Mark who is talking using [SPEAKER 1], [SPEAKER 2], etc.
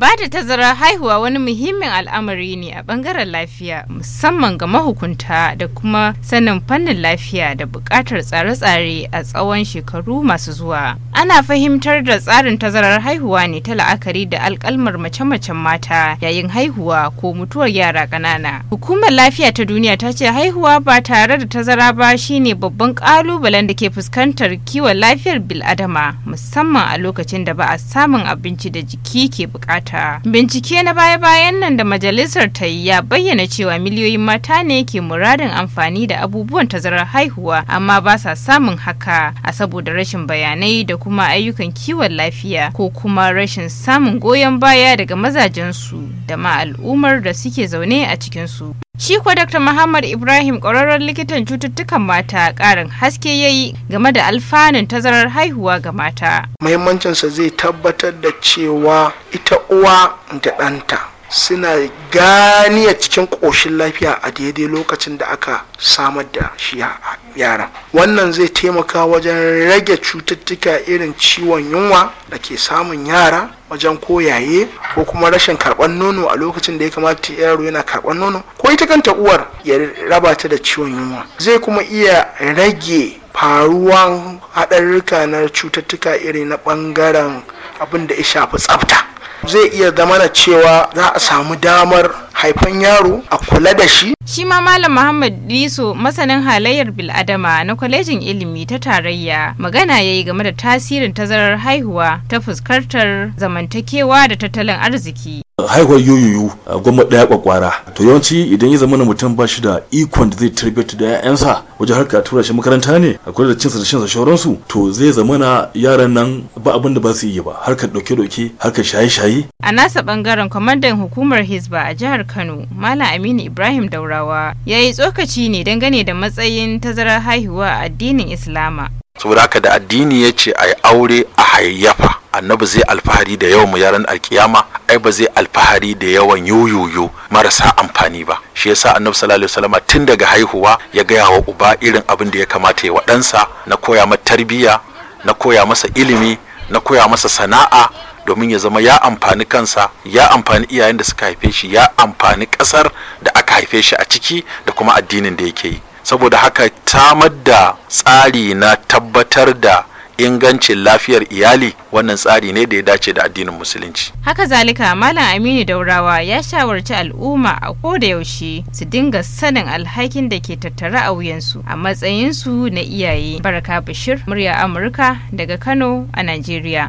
[SPEAKER 1] Ba da tazarar haihuwa wani muhimmin al'amari ne a bangaren lafiya musamman ga mahukunta da kuma sanin fannin lafiya da buƙatar tsare-tsare a tsawon shekaru masu zuwa. ana fahimtar da tsarin tazarar haihuwa ne ta la'akari da alkalmar mace-macen mata yayin haihuwa ko mutuwar yara ƙanana hukumar lafiya ta duniya ta ce haihuwa ba tare da tazara ba shine babban ƙalubalen da ke fuskantar kiwon lafiyar bil'adama musamman a lokacin da ba a samun abinci da jiki ke bukata bincike na baya-bayan nan da majalisar ta yi ya bayyana cewa miliyoyin mata ne ke muradin amfani da abubuwan tazarar haihuwa amma ba sa samun haka a saboda rashin bayanai da kuma kuma ayyukan kiwon lafiya ko kuma rashin samun goyon baya daga mazajensu da ma al'ummar da suke zaune a cikinsu. Shi kuwa Dr. Muhammad Ibrahim ƙwararren likitan cututtukan mata ƙarin haske ya yi game da alfanun tazarar haihuwa ga mata.
[SPEAKER 2] Muhimmancinsa zai tabbatar da cewa ita uwa da ɗanta suna ganiya cikin ƙoshin lafiya a daidai lokacin da aka samar da shi a yara wannan zai taimaka wajen rage cututtuka irin ciwon yunwa da ke samun yara wajen koyaye ko kuma rashin karɓar nono a lokacin da ya kamata yaro yana karɓar nono ko ita kanta uwar ya raba ta da ciwon yunwa zai kuma iya rage faruwan haɗarurruka na cututtuka irin na ɓangaren abin da ya shafi tsafta zai iya zama cewa za a samu damar haifan yaro a kula da shi shi
[SPEAKER 1] ma malam muhammad Diso masanin halayyar biladama na kwalejin ilimi ta tarayya magana ya yi game da tasirin tazarar haihuwa ta fuskantar zamantakewa da tattalin arziki
[SPEAKER 3] haihuwar a goma daya kwakwara to yawanci idan ya zama na mutum ba shi da ikon da zai tarbiyyar da 'ya'yansa wajen harka a tura shi makaranta ne a kula da cinsa da shansa shauransu to zai zama na yaran nan ba abin da ba su yi ba harkar doke-doke harkar shaye-shaye
[SPEAKER 1] a nasa bangaren kwamandan hukumar hisba a jihar kano malam aminu ibrahim daurawa ya yi tsokaci ne dangane da matsayin tazarar haihuwa a addinin islama
[SPEAKER 3] saboda haka da addini ya ce a yi aure a hayayyafa annabi zai alfahari da yawan yaran alkiyama ai ba zai alfahari da yawan yoyoyo marasa amfani ba shi yasa annabi sallallahu alaihi wasallam tun daga haihuwa ya gaya wa uba irin abin da ya kamata ya waɗansa na koya masa tarbiyya na koya masa ilimi na koya masa sana'a domin ya zama ya amfani kansa ya amfani iyayen da suka haife shi ya amfani ƙasar da aka haife shi a ciki da kuma addinin da yake yi saboda haka tamar da tsari na tabbatar da ingancin lafiyar iyali wannan tsari ne da ya dace da addinin musulunci
[SPEAKER 1] haka zalika malam aminu daurawa ya shawarci al'umma a ko da yaushe su dinga sanin alhakin da ke tattare a wuyansu a matsayinsu na iyaye baraka bashir murya amurka daga kano a najeriya